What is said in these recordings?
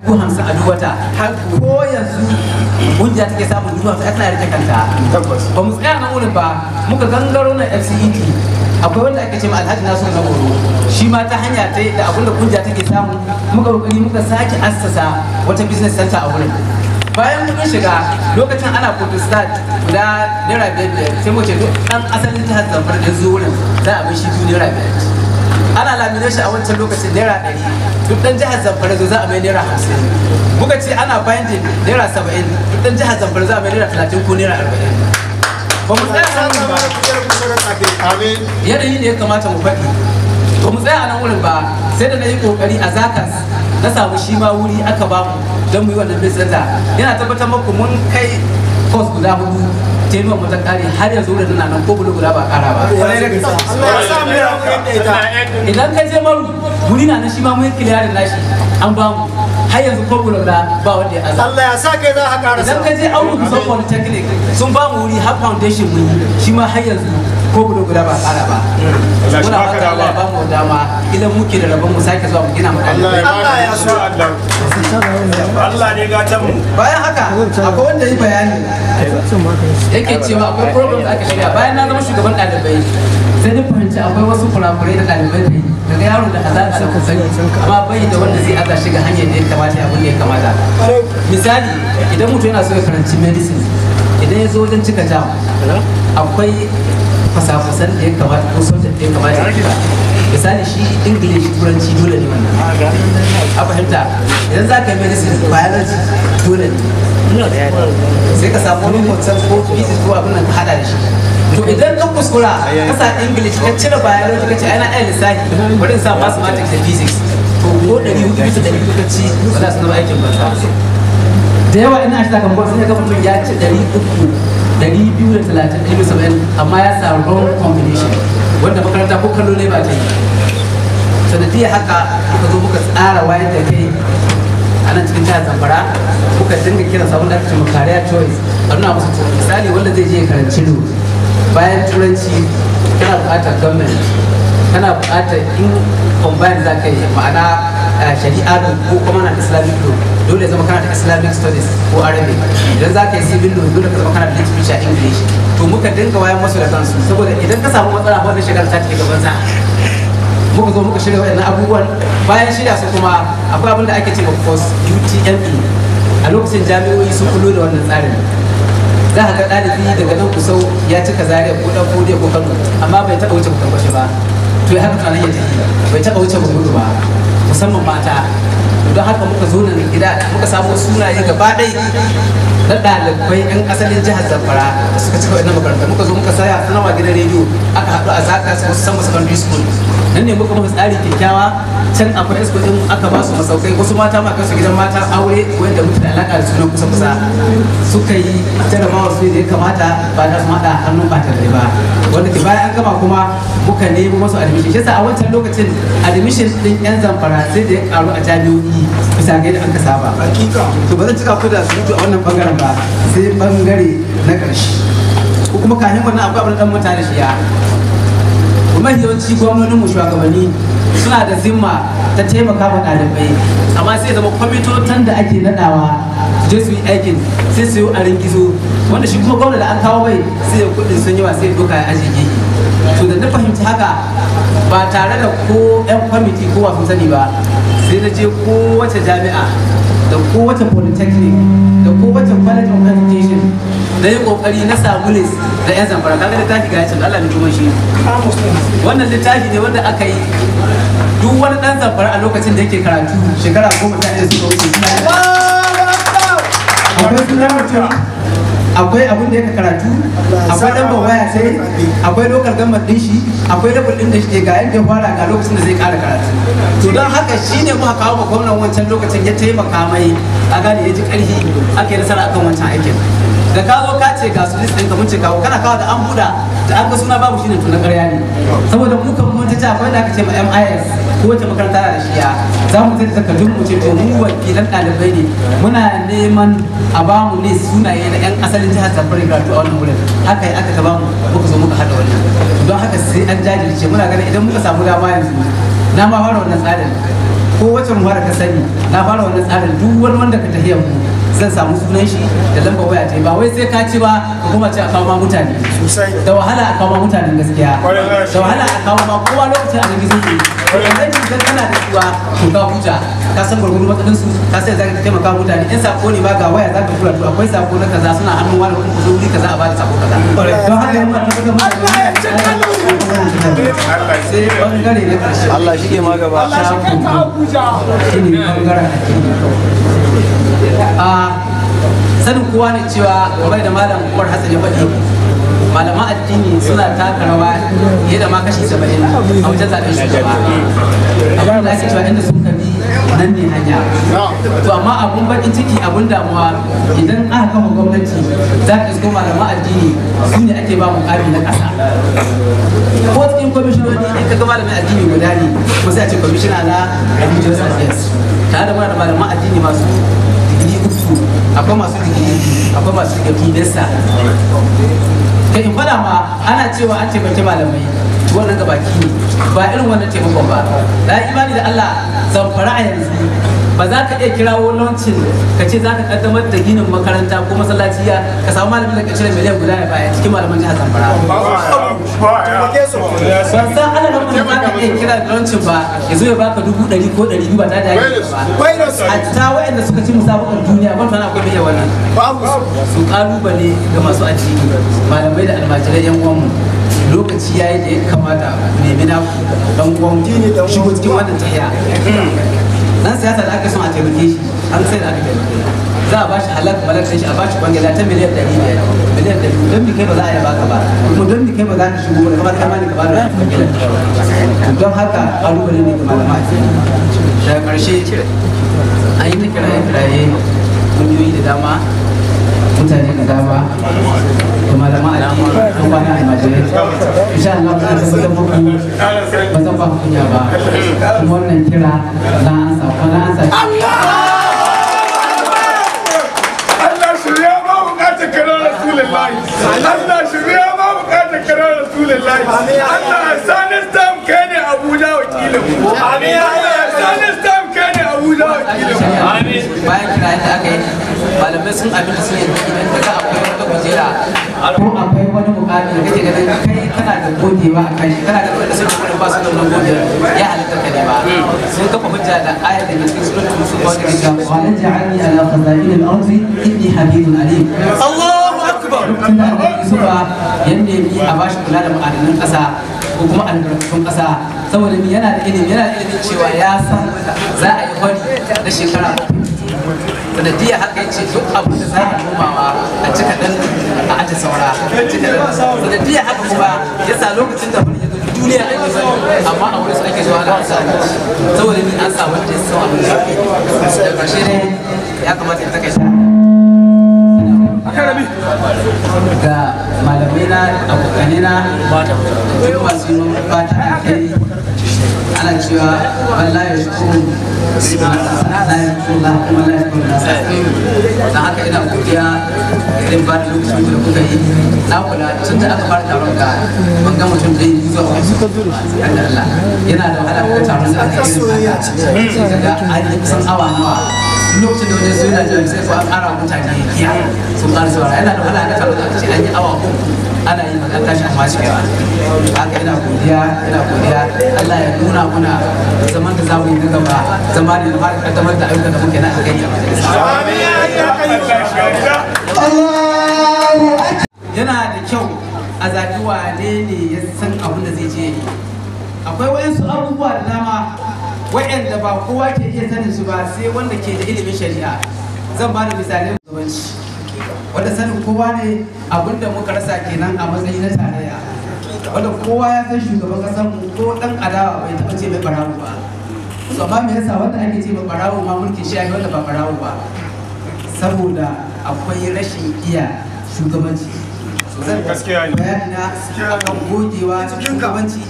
dubu hamsin a duwata har ko yanzu hujja take samun zuwa hamsin tana rike kanta ba mu tsaya na wurin ba muka gangaro na fcet akwai wanda ake ce ma alhaji nasu na goro shi ma ta hanya ta da abin da kunja take samu muka kokari muka sake assasa wata business center a wurin bayan mun shiga lokacin ana protestant guda naira biyar sai mu ce duk ɗan asalin jihar zamfara da zuwa wurin za a bai shi biyu naira biyar ana shi a wancan lokacin naira ɗari duk ɗan jihar zamfara zo za a mai naira hamsin muka ce ana binding naira saba'in duk ɗan jihar zamfara za a mai naira talatin ko naira arba'in ba mu tsaya a nan wurin ba yanayi ne ya kamata mu faɗi ba mu tsaya a nan wurin ba sai da na yi ƙoƙari a zakas na samu shi ma wuri aka bamu don mu yi wannan bisanta yana tabbatar muku mun kai kos guda hudu tenuwa mu ta kare har yanzu wurin na nan ko bulu guda ba kara ba idan kai je maru wuri na nan shi ma mun kiliyarin nashi an ba mu har yanzu ko bulu guda ba wanda ya azaba Allah ya sa kai za ka kara idan kai je auru ku san polytechnic sun ba mu wuri har foundation mun yi shi ma har yanzu ko bulu guda ba kara ba mm. muna fata Allah ya ba mu dama idan muke da rabon mu sake zuwa mu gina mu Allah ya so Allah Allah ne gatan mu bayan haka akwai wanda yi bayani yake cewa akwai program da aka shirya bayan na zama shugaban ɗalibai sai da fahimci akwai wasu kurakurai da ɗalibai da yi daga yaron da kaza da sani amma bai da wanda zai aka shiga hanyar da ya kamata abin da ya kamata misali idan mutum yana so ya karanci medicine idan ya zo wajen cika jam akwai fasafasan da ya kamata ko sojan da ya kamata misali shi english turanci dole ne wannan ah, a fahimta idan za ka yi medicine biology dole ne sai ka samu wani hotel ko bisis ko abin nan ka hada da shi to idan ka kuskura ka sa english ka cire biology ka ce ana ɗaya lissafi Wurin sa mathematics da physics to ko ɗari hudu bisa ɗari hudu ka ci ba za su zama aikin banza da yawa ina shi sakamakon sai ga mutum ya ci ɗari uku ɗari biyu da talatin ɗari saba'in amma ya sa wrong combination wanda makaranta ko kallo ne ba ce yi sanadiyar haka ka zo muka tsara wayar da kai a nan cikin jihar zamfara muka dinga kiran sabon da ake kariya choice a nuna musu misali wanda zai je karanci do bayan turanci kana buƙatar government kana buƙatar in combine za ka yi ma'ana eh, shari'a ko kuma na islamic law dole zama kana da islamic studies ko arabic idan za ka yi civil law dole ka zama kana da literature english to muka dinga wayan masu da kansu saboda idan ka samu matsala ba wanda shigar ta take gaban sa muka zo muka shirya wayannan abubuwan bayan shirya su kuma akwai abin da ake ce post UTME a lokacin jami'o'i sun kullo da wannan tsarin za ka ga ɗalibi daga nan kusau ya cika zaria ko ɗan kodiya ko kano amma bai taɓa wuce mutum ba to ya haka tunanin ya tafi bai taɓa wuce ba musamman mata don haka muka zo nan gida muka samo sunaye gaba ɗaya na ɗalibai 'yan asalin jihar zamfara suka ci kawai na makaranta muka zo muka saya wa gidan rediyo azaka su sama secondary school nan ne muka masu tsari kyakkyawa can a primary school aka ba su masaukai wasu mata ma kansu gidan mata aure wanda muke da alaka da suna kusa kusa suka yi jarabawar su da ya kamata ba da su mada hannun ba tare ba wanda ke bayan an gama kuma muka nemo masu admission shi a wancan lokacin admission din yan zamfara sai da ya karu a jami'o'i bisa ga yadda an ka saba to ba zan cika ku da su a wannan bangaren ba sai bangare na ƙarshe ko kuma kanin wannan abu abin dan mutane shi ya mafi gwamnonin mu shugabanni suna da zimma ta taimaka ma ɗalibai amma sai zama kwamitotan da ake naɗawa je su yi aikin sai su yi a ringizo wanda shi kuma gwamna da an kawo bai sai kudin sun yi sai doka ya ajiye to da na fahimci haka ba tare da ko 'yan kwamiti ko wasu sani ba sai na je kowace jami'a da kowace polytechnic da kowace college of education na yi kokari na samu lis da yan zamfara kaga littafi ga yacin Allah ne kuma shi wannan littafi ne wanda aka yi duk wani dan zamfara a lokacin da yake karatu shekara goma ta iya suka wuce. Akwai sunan akwai abin da yake karatu akwai number waya sai akwai local government din shi akwai level din da shi eh, ga yadda fara ga lokacin da zai kara karatu to don haka shine muka kawo ba gwamnan wancan lokacin ya taimaka mai a gane ya ji karfi ake nasara akan wancan aikin da kawo ka ce ga su list ka mun ce kawo kana kawo da an buɗa da an ga suna babu shine to na ƙarya ne saboda mu kan mun ta ce akwai da aka ce ma MIS ko wace makaranta da shi ya za mu tafi takardun mu ce to mu wakilan ɗalibai ne muna neman a bamu ne sunaye na 'yan asalin nan jihar zamfara karatu a wannan wurin haka yi aka gaba muka zo muka haɗa wannan don haka sai an jajirce muna ganin idan muka samu dama yanzu na ma fara wannan tsarin ko wacce ruwa ka sani na fara wannan tsarin duk wani wanda ka tafiya mu zan samu sunan shi da lamba waya ta ba wai sai ka ci ba ka kuma ce a kawo ma mutane da wahala a kawo ma mutanen gaskiya da wahala a kawo ma kowa lokacin a gizo ne kasuwa ku kawo hujja ka san gurgurun matsalolin ka sai in sako ne ba ga waya zaka ka to akwai sako na kaza suna hannu wani kuma ku zo wuri kaza a ba da sako kaza don haka yana tabbatar da sai bangare na Allah shi ke magaba Allah shi ke ta Abuja shine bangaren a ah, sanin kowa ne cewa kamar da malam Umar Hassan ya faɗi malaman addini suna taka rawa fiye da ma kashi saba'in a wajen zaɓen shugaba abin da ake cewa inda sun kabi nan ne hanya to amma abun bakin ciki abun damuwa idan aka kama gwamnati za ka isko malaman addini su ne ake ba mukami na ƙasa ko cikin kwamishinoni in ka ga malamin addini guda ne ko sai a ce kwamishina na religious affairs tare da muna da malaman addini masu digiri uku akwai masu digiri akwai masu digiri nesa kai in faɗa ma ana cewa an taimaki malamai wannan ga baki ne ba irin wannan taimakon ba da imani da Allah zamfara a yanzu ba za ka iya kirawo launcin ka ce za ka kaddamar da ginin makaranta ko masallaci ya ka samu malamin da ka cire miliyan guda ya baya cikin malaman jihar zamfara ban san ana nan ka iya kira lancin ba ya zo ya baka dubu ɗari ko ɗari biyu ba ta da yake ba a ta da suka ci musabakan duniya ban tana akwai da wannan su ƙalubale ga masu da almajirai yan uwanmu lokaci ya yi da ya kamata nemi na dan uwan shigo cikin wannan tahiya dan siyasa da aka son a taimake shi an sai da aka taimake za a bashi halak malak sai a bashi kwangila ta miliyan ɗari biyar miliyan ɗari don mi kai ba za a yaba ka ba kuma don mi kai ba za ka shigo ba kamar kamar ka ba da kwangila don haka ƙalubale ne ga malama a cikin daga ƙarshe an yi ta kiraye-kiraye kungiyoyi da dama mutane da dama da malama a cikin kan na a insha Allah ba zan a muku ba zan ba kunya ba kuma wannan kira na an sa na an sa daga kai kana da godewa a kai kana da wanda suke kuma ba su da wannan godewa ya halatta ka ne ba sun kafa hujja da ayar da cikin suratul musulma wanda ke cewa wa lan ja'alni ala khaza'in al-ardi inni hamidun alim Allahu akbar tunda annabi Yusufa yanda yake a bashi kula da ma'adanan ƙasa ko kuma albarkatun ƙasa saboda yana da ilimi yana da ilimin cewa ya san za a yi hori da shekara sanadiyar haka yace duk abu da za a nomawa a cika dan a aje saura sanadiyar haka kuma ya sa lokacin da ya zo duniya ake sani amma a wurin su ake zuwa ana sa abinci saboda ni an samu da ya sa abinci da ƙarshe ne ya kamata ya takaita ga malamai na abokanai na ba ta fata cewa Allah ya shukuru Allah ya shukuru Allah kuma Allah ya shukuru nasa haka ina godiya irin da lokacin da kuka yi na kula tun da aka fara taron ka mun ga mutum da yi zuwa wani Allah yana da wahala ka taron da aka yi da ga yi kusan awa nawa lokacin da wani suna jami sai ko an ƙara mutane iya sun ƙara saurara yana da wahala na ce an yi awa uku ana yi magana tashi amma shi yawa haka ina godiya ina godiya Allah ya nuna muna zaman da zamu yi gaba zama da har kaddamar da ayyukan da muke na kai yana da kyau a zaɓi wane ne ya san abin da zai je akwai wayansu abubuwa da dama wa'anda ba kowa ke iya sanin su ba sai wanda ke da ilimin shari'a zan ba da misalin zubanci wanda sanin kowa ne abinda muka rasa kenan a matsayi na tarayya wanda kowa ya san shugaban kasar mu ko dan adawa bai taɓa ce mai barawo ba so ba me yasa wanda ake ce mai barawo ma mulkin shi ake wanda ba barawo ba saboda akwai rashin iya shugabanci zan bayani na akan gogewa shugabanci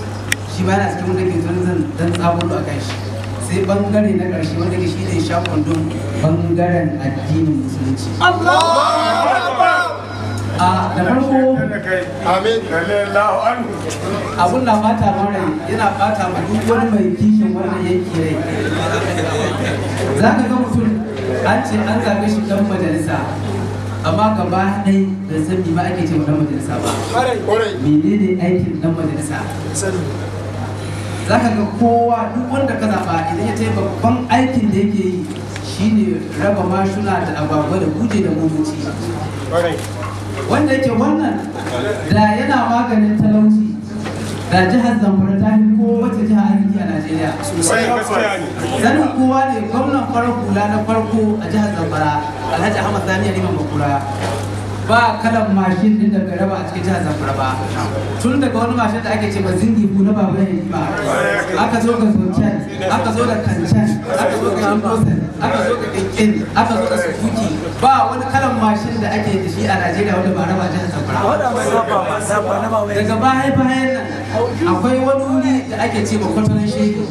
shi ba na cikin wanda ke zan zan tsabulu a kan shi sai bangare na ƙarshe wanda ke shi ne shafon don bangaren addinin musulunci a da farko abun na bata mara yana bata ma duk wani mai kishin wannan yanki rai za ka ga mutum an ce an zaɓe shi dan majalisa amma ba ɗai da sabbi ba ake ce dan majalisa ba menene aikin dan majalisa Zaka ga kowa duk wanda ka zaɓa idan ya tayi babban aikin da yake yi shine raba mashuna da agwagwa da guje da motoci wanda yake wannan da yana maganin talauci da jihar zamfara ta fi kowace jiha aiki a najeriya sanin kowa ne gwamnan farko na farko a jihar zamfara alhaji ahmad sani liman makura. ba kalan mashin din da raba a cikin jihar zamfara ba tun daga wani mashin da ake ce ba zingi bu na babu yayi ba aka zo ga zoncan aka zo da kancan aka zo ga indosan aka zo ga kinkin aka zo ga sukuki, ba wani kalan mashin da ake da shi a najeriya wanda ba raba jihar zamfara ba. daga baya bayan nan akwai wani wuri da ake ce ba kwatanan shehi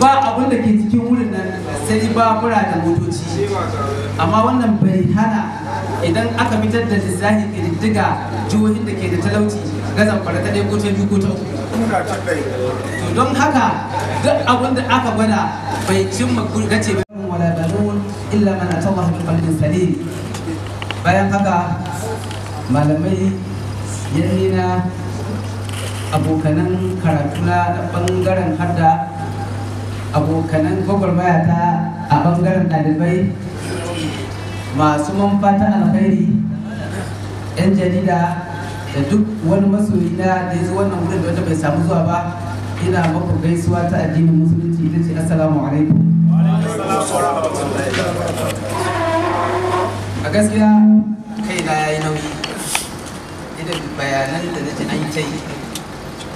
ba abin da ke cikin wurin nan sai ba mura da motoci amma wannan bai hana idan aka fitar da lissahin ƙididdiga jihohin da ke da talauci ga zamfara ta ɗaya ko ta biyu ko ta don haka duk abin da aka gwada bai cimma gace ba wala banun illa man atallaha bi qalbin salim bayan haka malamai yannina abokanan karatuna na bangaren hadda abokanan gwagwarmaya ta a bangaren ɗalibai masu manfata alkhairi yan jarida da duk wani masoyi na da ya wannan wurin da wanda bai samu zuwa ba ina maku gaisuwa ta addinin musulunci ita ce assalamu alaikum a gaskiya kai na yayi nauyi idan bayanan da nake an kai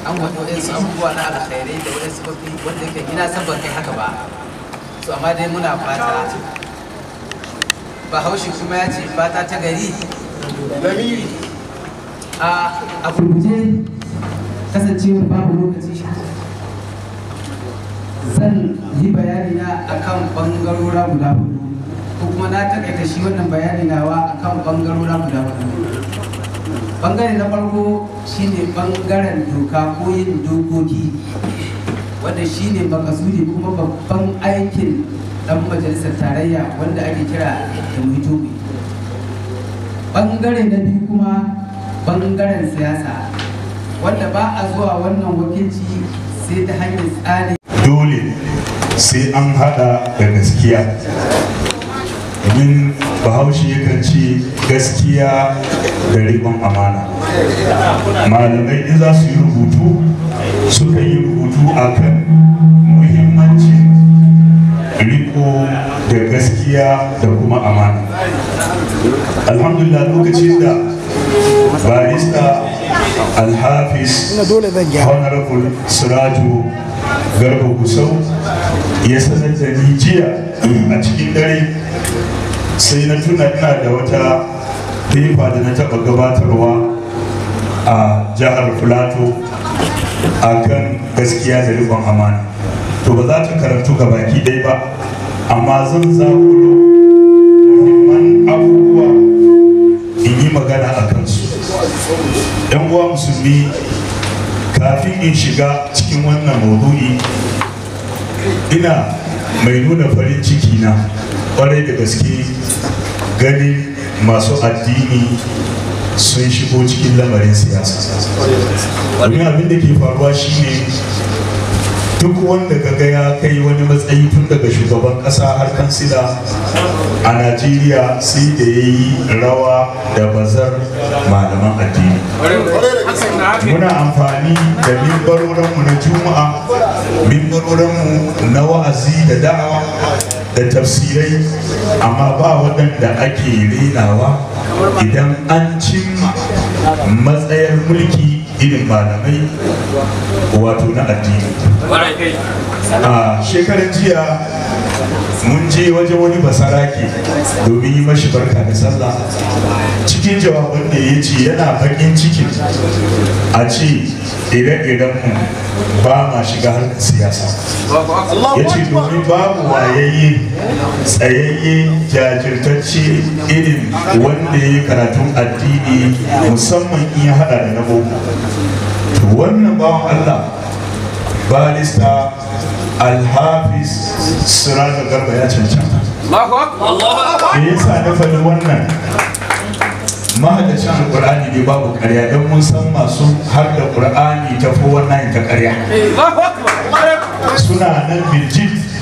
an wato su abubuwa na alkhairai da wani sababi wanda ke gina san kai haka ba su amma dai muna fata bahaushe kuma ya ce fata ta gari lamiri a a kasancewar babu lokaci zan yi bayani na akan bangarora guda hudu ko kuma na takaita shi wannan bayani nawa akan bangarora guda hudu bangare na farko shine bangaren doka ko yin dokoki wanda shine ne kuma babban aikin dan majalisar tarayya wanda ake kira da muhitobi bangare na biyu kuma bangaren siyasa wanda ba a zuwa wannan wakilci sai ta hanyar tsari dole sai an hada da gaskiya domin bahaushe yakan ce gaskiya da riƙon amana malamai in za su yi rubutu suka yi rubutu a kan. Ko da gaskiya da kuma amana alhamdulillah lokacin da barista Alhafis honorable siraju garba kusau ya sanar da ni jiya a cikin dare sai na tuna ina da wata fifa da na taɓa gabatarwa a jihar filato a kan gaskiya da rikon amana to ba za ta karantu ga baki ɗaya ba amma zan zakulo muhimman abubuwa in yi magana a kansu yan uwa musulmi kafin in shiga cikin wannan maudu'i ina mai nuna farin ciki na kwarai da gaske ganin masu addini sun shigo cikin lamarin siyasa domin abin da ke faruwa shine duk wanda kaga ya kai wani matsayi tun daga shugaban kasa har kansila a najeriya sai da ya yi rawa da bazar malaman addini muna amfani da mimbarorinmu na juma'a mimbarorinmu na wa'azi da da'awa da tafsirai amma ba waɗanda ake renawa idan an cimma matsayar mulki irin malamai wato na addini a shekaran jiya mun je wajen wani basaraki domin yi mashi barka da sallah cikin jawaban da ya ce yana bakin ciki a ce ire-iren mu ba ma shiga harkar siyasa ya ce domin babu wayayye tsayayye jajirtacce irin wanda ya yi karatun addini musamman iya hada da na boko wannan bawan allah barista alhafiz sirajar garba ya cancanta me yasa na faɗi wannan mahadacin alƙur'ani ne babu ƙarya don mun san masu har da ƙur'ani ta fi wannan ta ƙarya suna nan biljit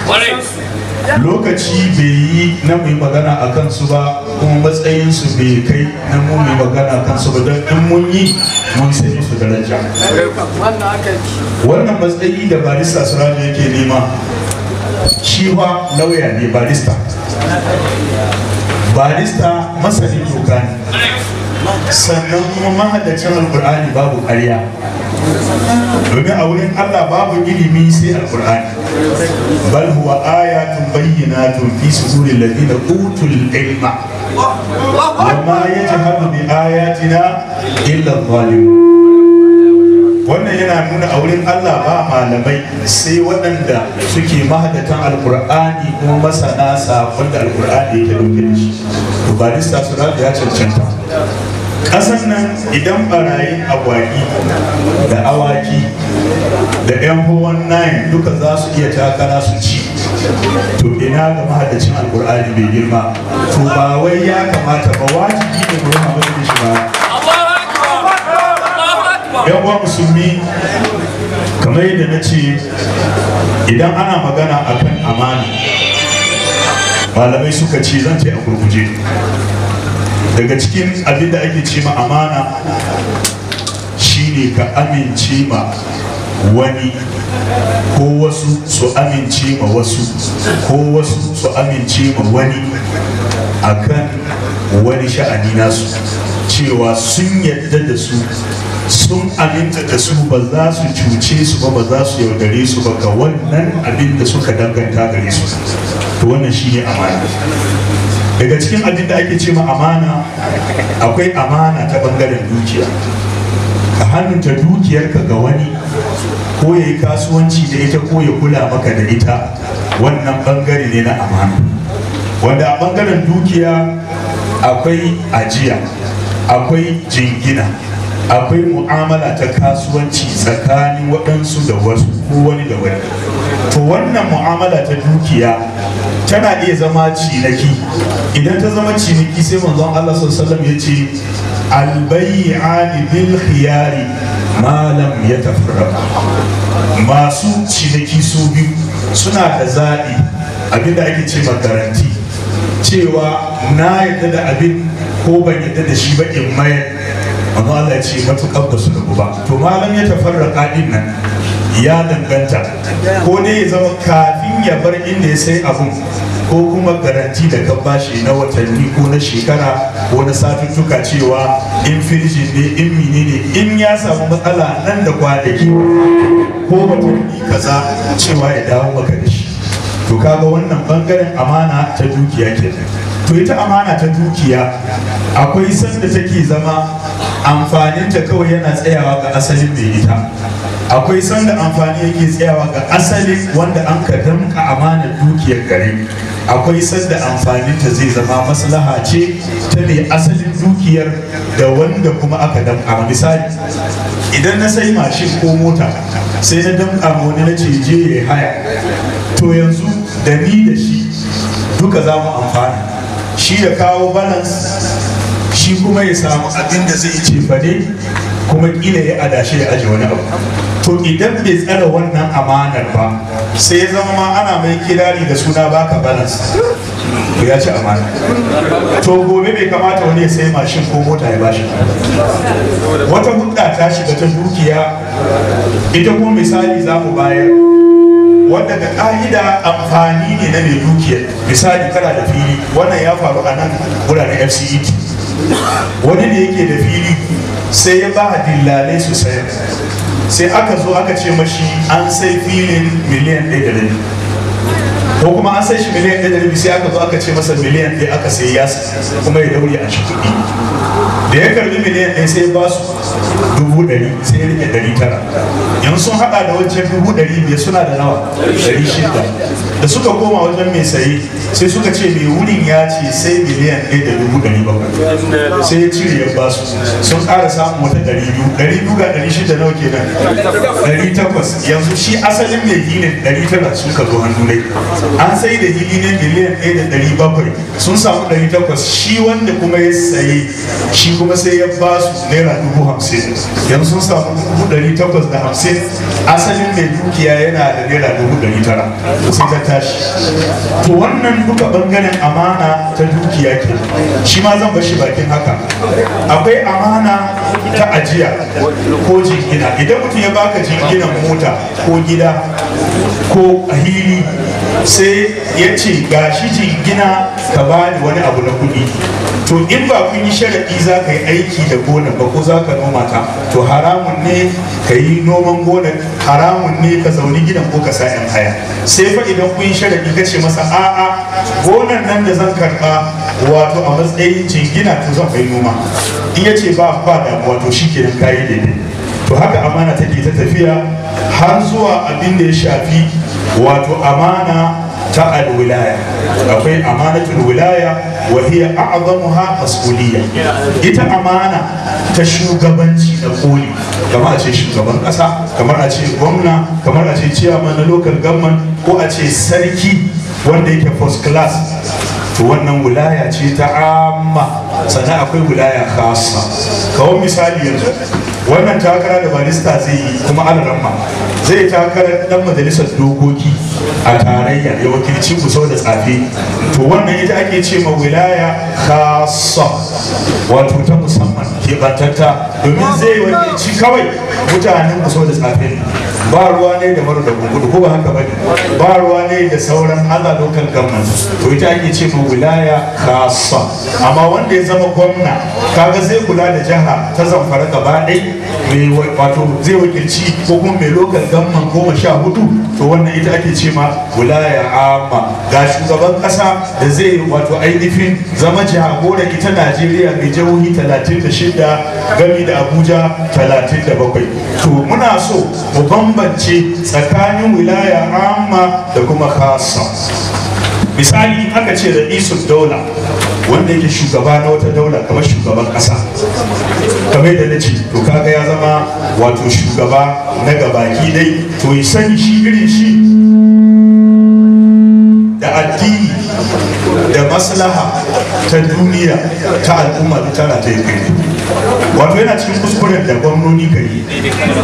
lokaci bai yi na mai magana a kansu ba kuma matsayinsu bai kai na mu mai magana a kansu ba don in mun yi mun sani su daraja wannan matsayi da barista surabi yake nema shi lauya ne barista barista masanin doka ne sannan kuma mahadacin alkur'ani babu ƙarya domin a wurin Allah babu ilimi sai alkur'ani bal huwa ayatun bayyinatun fi suduril ladina utul ilma wa ma yajhadu bi ayatina illa zalimun wannan yana nuna a wurin Allah ba malamai sai waɗanda suke mahadatan alkur'ani kuma masana sabon da alkur'ani yake dauke da shi to su ya cancanta ƙasar nan idan barayin agwagi da awaki da 'yan hawan nayin duka za su iya takara su ci to ina ga mahaddacin alkur'ani bai girma to ba wai ya kamata ba wajibi ne wani abin da shi ba yan uwa musulmi kamar yadda na ce idan ana magana akan amana malamai suka ce zan ce a gurguje daga cikin abin da ake ce ma amana shine ka amince ma wani ko wasu su amince ma wasu ko wasu su amince ma wani akan wani sha'ani nasu cewa sun yadda da su sun aminta da su ba za su cuce su ba ba za su yaudare su ba ga wannan abin da suka danganta gare su to wannan shi ne amana daga cikin abin da ake ce ma amana akwai amana ta bangaren dukiya ka hannunta dukiyarka ga wani ko ya kasuwanci da ita ko ya kula maka da ita wannan bangare ne na amana wanda a bangaren dukiya akwai ajiya akwai jingina akwai mu'amala ta kasuwanci tsakanin waɗansu da wasu ko wani da wani to wannan mu'amala ta dukiya tana iya zama ciniki idan ta zama ciniki sai manzon Allah sallallahu ya ce albayyani bil khiyari malam ya tafarraka masu ciniki su biyu suna da zaɓi abinda ake ce garanti cewa na yadda da abin ko ban yadda da shi ba in mayar manzon Allah ya ce matuƙar ba su rabu ba to malam ya tafarraka din nan ya danganta ko ne ya zama kafin ya bar inda ya sai abun ko kuma garanti da kan bashi na watanni ko na shekara ko na satuttuka cewa in firji ne in ne in ya samu matsala nan da kwanaki ko watanni kaza cewa ya dawo maka da shi to kaga wannan bangaren amana ta dukiya kenan to ita amana ta dukiya akwai sanda take zama amfaninta kawai yana tsayawa ga asalin mai ita akwai sanda amfani yake tsayawa ga asali wanda an ka damka amanar dukiyar gare akwai sanda amfani ta zai zama maslaha ce ta mai asalin dukiyar da wanda kuma aka damka misali idan na sai mashin ko mota sai na damka ma wani na ce je ya haya to yanzu da ni da shi duka za mu amfana shi ya kawo balance shi kuma ya samu abin da zai ce fade kuma kila ya adashe ya aje wani abu to idan bai tsara wannan amanar ba sai ya zama ana mai kirari da suna baka balas to ya ci amana to gobe bai kamata wani ya sai mashin ko mota ya bashi wata hudda ta shiga ta dukiya ita ko misali za mu bayar wanda da ka'ida amfani ne na mai dukiyar misali kana da fili wannan ya faru a nan wuraren fcet wani ne yake da fili sai ya ba dillalai su sayar sai aka zo aka ce mashi an sai filin miliyan ɗaya da rabi ko kuma an sai shi miliyan ɗaya da rabi sai aka zo aka ce masa miliyan ɗaya aka sai ya kuma ya daure a cikin kuɗi da ya karbi miliyan ɗaya sai ba su dubu ɗari sai ya rike ɗari tara yanzu sun haɗa da wancan dubu ɗari biyar suna da nawa ɗari shida da suka koma wajen mai saye sai suka ce mai wurin ya ce sai miliyan ɗaya da dubu ɗari bakwai sai ya cire ya basu sun ƙara samun wata ɗari biyu ɗari biyu ga ɗari shida nawa kenan ɗari takwas yanzu shi asalin mai ginin ɗari tara ka zo hannu dai an sai da gini ne miliyan ɗaya da ɗari bakwai sun samu ɗari takwas shi wanda kuma ya saye shi kuma sai ya basu naira dubu hamsin yanzu sun samu dubu ɗari takwas da hamsin asalin mai dukiya yana da naira dubu ɗari tara sai tashi to wannan duka bangaren amana ta dukiya ke shi ma zan bashi bakin haka akwai amana ta ajiya ko jingina idan mutum ya baka jinginan mota ko gida ko hili sai ya ce ga shi gina ka bani wani abu na kuɗi to in ba kun yi sharaɗi za ka yi aiki da gonar ba ko za ka noma ta to haramun ne ka yi noman gonar haramun ne ka zauni gidan ko ka sa yan haya sai fa idan kun yi sharaɗi ka ce masa a'a gonar nan da zan karɓa wato a matsayin jingina to zan kai noma in ya ce ba ba da to shi kenan kayi daidai to haka amana take ta tafiya har zuwa abin da ya shafi wato amana ta alwilaya akwai amanatul wilaya wa hiya ha mas'uliyya ita amana ta shugabanci da koli kamar a ce shugaban kasa kamar a ce gwamna kamar a ce chairman na local government ko a ce sarki wanda yake first class to wannan wilaya ce ta amma sannan akwai wilaya khassa kawai misali yanzu wannan takara da barista zai yi kuma alaramma zai takara dan majalisar dokoki a tarayya ya wakilci ku sau da tsafe to wannan ita ake ce ma wilaya khassa wato ta musamman ke keɓantatta domin zai wakilci kawai mutanen ku sau da tsafe ba ruwa ne da mara da gungudu ko ba haka ba ba ruwa ne da sauran azalokan local to ita ake ce ma wilaya kasa amma wanda ya zama gwamna kaga zai kula da jiha ta zamfara gaba ɗai mai wato zai wakilci ko kuma mai local government goma sha hudu to wannan ita ake ce ma wilaya amma ga shugaban kasa da zai wato ainihin zama gore ita najeriya mai jihohi talatin da shida gami da abuja talatin da bakwai to muna so mu bambanci tsakanin wilaya amma da kuma khasa misali aka ce da isul daula wanda yake shugaba na wata daula kamar shugaban kasa kamar da na ce to kaga ya zama wato shugaba na gabaki dai to ya sani shi irin shi da addini da maslaha ta duniya ta al'umma ta tana ta yi wato yana cikin kuskuren da gwamnoni ka yi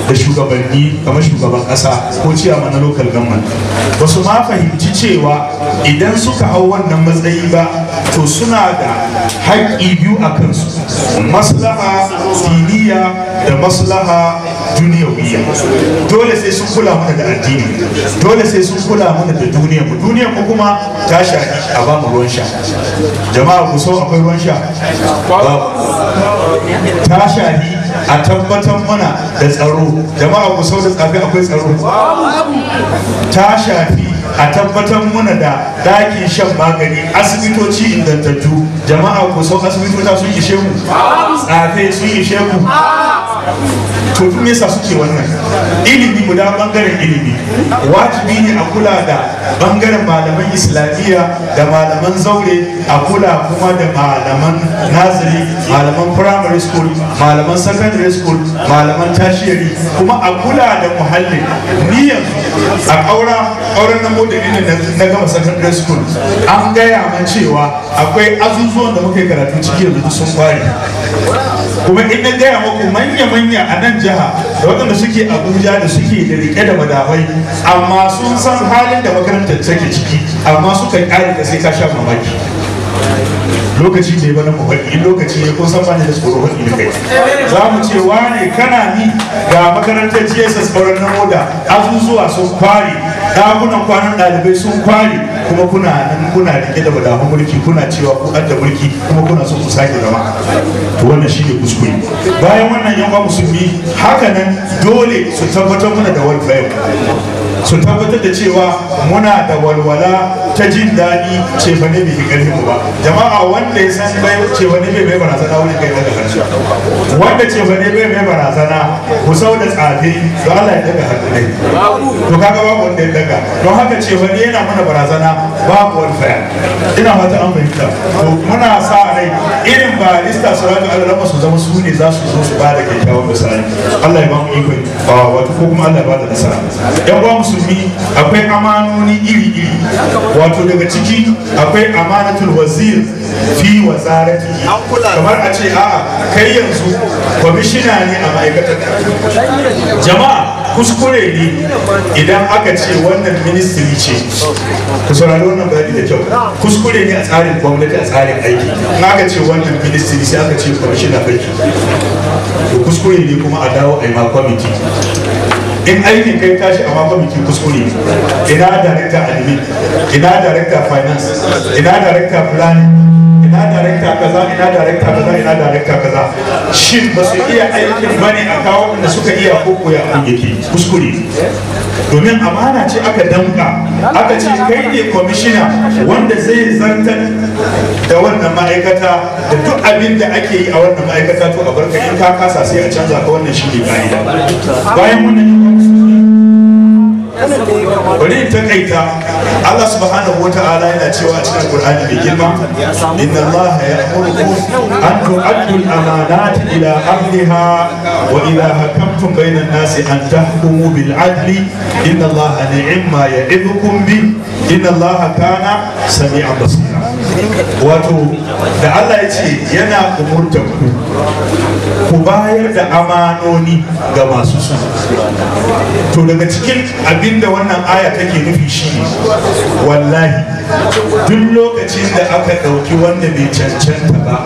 da shugabanni kamar shugaban kasa ko ciyama na local government ba su ma fahimci cewa idan suka hau wannan matsayi ba to suna da haƙƙi biyu a kansu maslaha siniya da maslaha duniyawiya dole sai sun kula mana da addini dole sai sun kula mana da duniya mu duniya mu kuma ta sha a ba mu ruwan sha jama'a ku so akwai ruwan sha ta shahi a tabbatar mana da tsaro jama'a ku sau da tsafi akwai tsaro ta shafi a tabbatar mana da dakin shan magani asibitoci ingantattu jama'a ku sau asibitota sun ishe mu tsafe sun ishe mu to duk yasa suke wannan ilimi guda bangaren ilimi wajibi ne a kula da bangaren malaman islamiyya da malaman zaure a kula kuma da malaman nazari malaman primary school malaman secondary school malaman tashiyari kuma a kula da muhalli ni yanzu a ƙaura ƙauran na mota da na gama secondary school an gaya man cewa akwai azuzuwan da muke karatu ciki yanzu sun kware kuma in na gaya muku manya-manya a nan jiha da waɗanda suke abuja da suke da rike da madawai amma sun san halin da makarantar take ciki amma suka ƙari da sai ka sha mamaki lokaci ne ba mu faɗi lokaci ne ko san bani da tsoro faɗi da kai za mu ce wane kana ni ga makarantar Jesus ɓarar na moda azuzuwa sun kware ɗakunan kwanan ɗalibai sun kware kuma kuna nan kuna rike da madafun mulki kuna cewa ku adda mulki kuma kuna so ku sake zama to wannan shine kuskure bayan wannan yan ba musulmi haka nan dole su tabbatar mana da welfare su tabbatar da cewa muna da walwala ta jin daɗi ce ba ne bai karfin mu ba jama'a wanda ya san bai ce ba ne bai bai barazana wani kai daga harshe wanda ce ba ne bai bai barazana ku sau da tsafi su Allah ya daga hannu ne to kaga ba wanda ya daga don haka ce ba ne yana mana barazana ba ku walfaya ina fata an fahimta to muna sa rai irin ba lista su raka Allah su zama su ne za su zo su ba da kyakkyawan misali Allah ya ba mu ikon ba wato ko kuma Allah ya ba da nasara yan ba mu musulmi akwai amanoni iri-iri wato daga ciki akwai amanatul wazir fi wazarati kamar a ce a kai yanzu kwamishina ne a ma'aikatar jama'a kuskure ne idan aka ce wannan ministry ce ku saurari wannan bayani da kyau kuskure ne a tsarin gwamnati a tsarin aiki in aka ce wannan ministry sai aka ce kwamishina aiki to kuskure ne kuma a dawo a yi ma kwamiti in aikin kai tashi a amma kwamiti kuskure ina director admin ina director finance ina director planning ina darekta kaza ina darekta kaza ina darekta kaza shin ba su iya aikin bane a kawo da suka iya koko ya kun kuskure domin amana ce aka damka aka ce kai ne kwamishina wanda zai zartar da wannan ma'aikata da duk abin da ake yi a wannan ma'aikata to a barka in ka kasa sai a canza ka wannan shi ne ka'ida bayan wannan bari in takaita Allah subhanahu wata'ala yana cewa a cikin Qur'ani mai girma inna Allah ya'murukum an tu'addu al-amanat ila ahliha wa idha hakamtum bayna an-nasi an tahkumu bil 'adli inna Allah ni'ma ya'idukum bi inna Allah kana sami'an basira wato da Allah ya ce yana umurta ku ku bayar da amanoni ga masu su to daga cikin abinda wannan aya take nufi shi wallahi duk lokacin da aka ɗauki wanda bai cancanta ba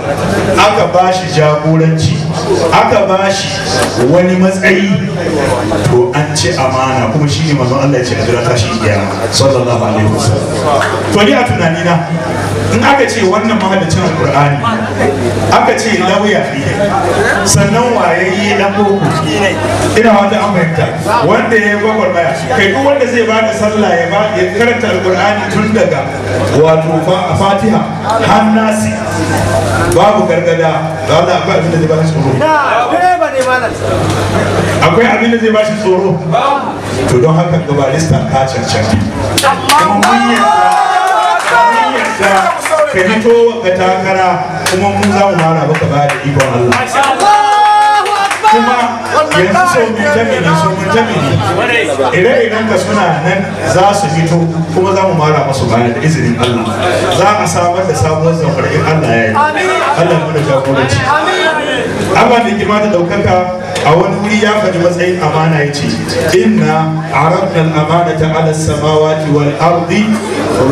aka ba shi jagoranci aka ba shi wani matsayi to an ce amana kuma shi ne mazan Allah ya ce a jira tashi kiyama sallallahu alaihi wasallam to ni a tunani na in aka ce wannan mahaddacin alqur'ani aka ce lauya ne sannan yi dan boko ina wanda an fahimta wanda ya gwagwar baya kai duk wanda zai bada sallah ya ba ya karanta alqur'ani tun daga wato fatiha har nasi babu gargada da Allah ba abin da zai ba shi akwai abin da zai ba shi tsoro to don haka gaba lista ka cancanta kuma mun yarda ka fito ka takara kuma mun za mu mara baka ba da ikon Allah kuma yanzu sau mun jamini sau mun jamini ire-iren ka suna nan za su yi to, kuma za mu mara masu baya da izinin Allah za a samar da sabuwar zamfarin Allah ya yi Allah mu da jagoranci Allah mai girma da ɗaukaka a wani wuri ya faɗi matsayin amana ya ce inna a al-amana ta ala samawati wal ardi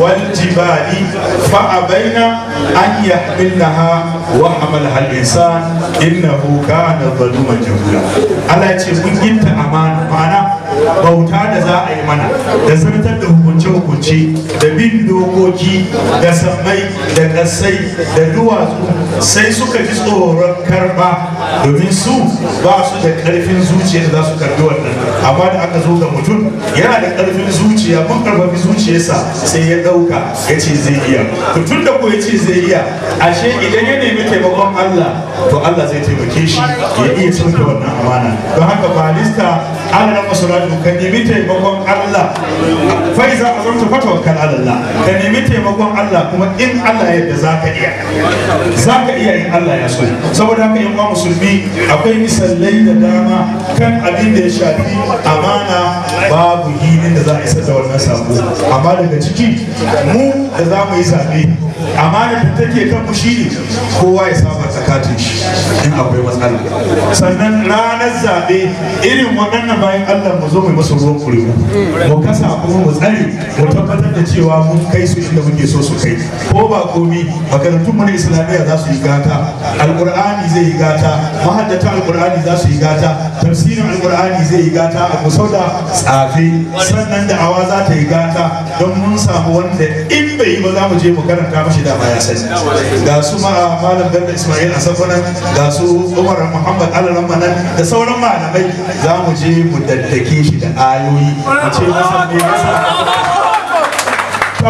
wal jibali fa abaina an yahmilnaha wa amal hal insan innahu kana zaluman jahula Allah ya ce mun ta amana bauta da za a yi mana da zartar da hukunce-hukunce da bin dokoki da sammai da ƙasai da duwatsu sai suka ji tsoron karba domin su ba su da ƙarfin zuciya da za su karbi wannan amma da aka zo ga mutum yana da ƙarfin zuciya mun bi zuciyarsa sai ya ɗauka ya ce zai iya tun da ko ya ce zai iya ashe idan ya nemi taimakon Allah to Allah zai taimake shi ya iya sauke wannan amana don haka lista ana nan masalatu ka nemi taimakon Allah faiza a zanta fata Allah ka nemi taimakon Allah kuma in Allah yadda za ka iya za ka iya in Allah ya so saboda haka yan musulmi akwai misalai da dama kan abin da ya shafi amana babu hinin da za a isar da wannan sako amma daga ciki mu da za mu yi zaɓe Amma da take kan mu shi ne kowa ya saba tsakatin shi in akwai matsala sannan ranar zaɓe irin waɗannan bayan Allah mu zo mu musu ruwan kuri'u mu kasa kuma mu tsare mu tabbatar da cewa mun kai su inda muke so su kai ko ba komi makarantun mu islamiyya za su yi gata alqur'ani zai yi gata mahaddata alqur'ani za su yi gata tafsirin alqur'ani zai yi gata a musauda tsafe sannan da'awa za ta yi gata don mun samu wanda in bai yi ba za mu je mu karanta shi da ya sani ga su ma malam bello ismail a safanan ga su umar muhammad alarama nan da sauran malamai za mu je mu daddake shi da ayoyi mu ce masa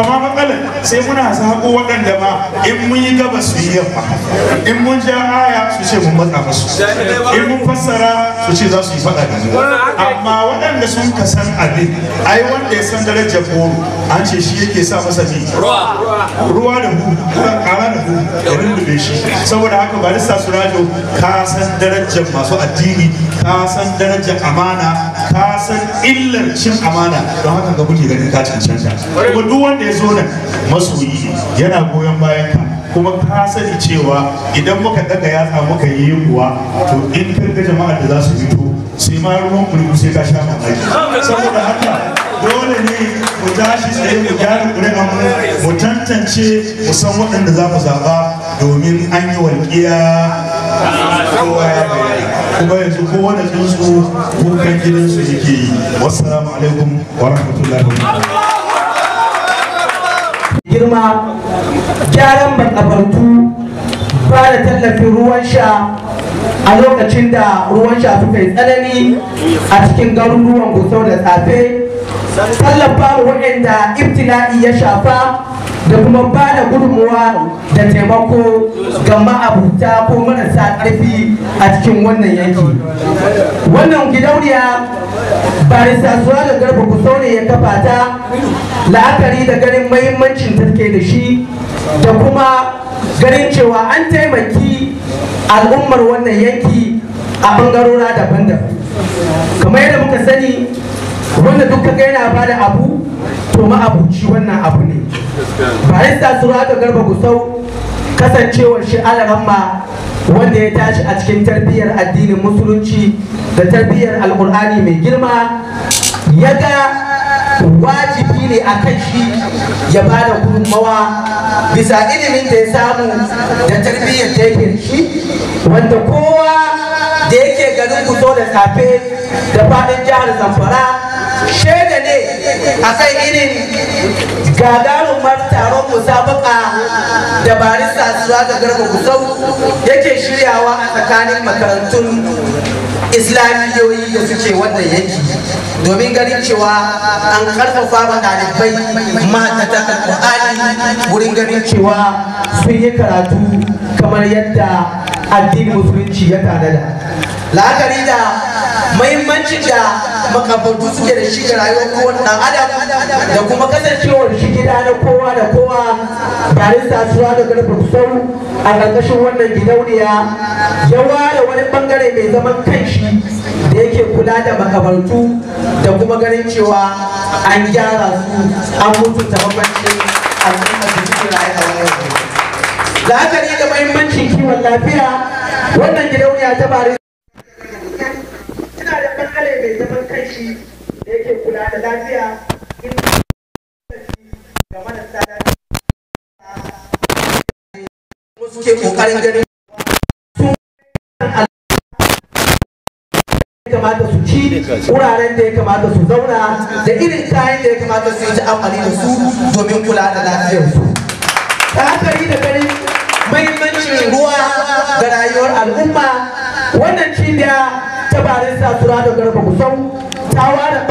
amma matsalar sai muna sako waɗanda ma in mun yi gaba su yi yamma in mun ja aya su ce mun matsa musu in mun fassara su ce za su yi faɗa da mu amma waɗanda sun ka san abin ai wanda ya san darajar goro an ce shi yake sa masa ne ruwa da hu kara da hu da lullube shi saboda haka ba barista surajo ka san darajar masu addini ka san darajar amana ka san illar cin amana don haka ga muke ganin ka cancanta kuma duk wanda ya zo nan masoyi yana goyon bayan ka kuma ka sani cewa idan muka daga yatsa muka yi kuwa to in karga jama'ar da za su fito sai ma ruwan kurku sai ka sha mamaki saboda haka dole ne ku tashi tsaye mu gyara ƙuri'an mu tantance mu san waɗanda za mu zaɓa domin an yi walƙiya kuma yanzu kowane tsuntsu kan gidansu yake yi wassalamu alaikum wa rahmatullahi wa barakatuh hidima gyaran makabartu ba da tallafin ruwan sha a lokacin da ruwan sha suka yi tsanani a cikin garuruwan gusau da tsafe tallafa waɗanda ibtila'i ya shafa da kuma ba da gudunmuwa da taimako ga ma'abuta ko marasa ƙarfi a cikin wannan yanki wannan gidauniya da zuwa da garba ku ne ya kafa ta la'akari da ganin mahimmancin ta ke da shi da kuma ganin cewa an taimaki al'ummar wannan yanki a bangarora daban-daban kamar yadda muka sani wanda duk kaga yana ba da abu to ma'abuci wannan abu ne Ba barista surata garba gusau kasancewar shi ma wanda ya tashi a cikin tarbiyyar addinin musulunci da tarbiyyar alkur'ani mai girma ya ga wajibi ne a kan shi ya ba da gudunmawa bisa ilimin da ya samu da tarbiyyar da yake shi wanda kowa da yake garin kuso da safe da faɗin jihar zamfara shaida ne a kan irin gagarumar taron musabaka da barista suwa ga garba kusau yake shiryawa a tsakanin makarantun islamiyoyi da suke wannan yanki domin ganin cewa an karfafa ma ɗalibai ma'aikatan alƙur'ani wurin ganin cewa sun yi karatu kamar yadda addinin musulunci ya tanada la'akari da mahimmanci da da makabartu suke da shi ga rayuwar kowane ɗan adam da kuma kasancewar shi gida na kowa da kowa da tasuwa da garba sau a ƙarƙashin wannan gidauniya ya da wani bangare mai zaman kanshi da yake kula da makabartu da kuma ganin cewa an gyara su an mutunta ta al'umma da a wannan da haka mahimmancin kiwon lafiya wannan gidauniya ta bari ke zaman kanshi da yake kula da lafiya inda ga marasa kokarin ganin kamata su ci wuraren da ya kamata su zauna da irin kayan da ya kamata su yi amfani da su domin kula da lafiyarsu ta haka yi da ganin mahimmancin ruwa ga rayuwar al'umma wannan cibiya ta barista da Garba Gusau ta ware